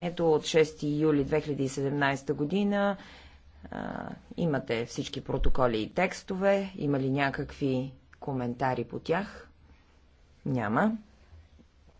Ето от 6 юли 2017 година а, имате всички протоколи и текстове. Има ли някакви коментари по тях? Няма.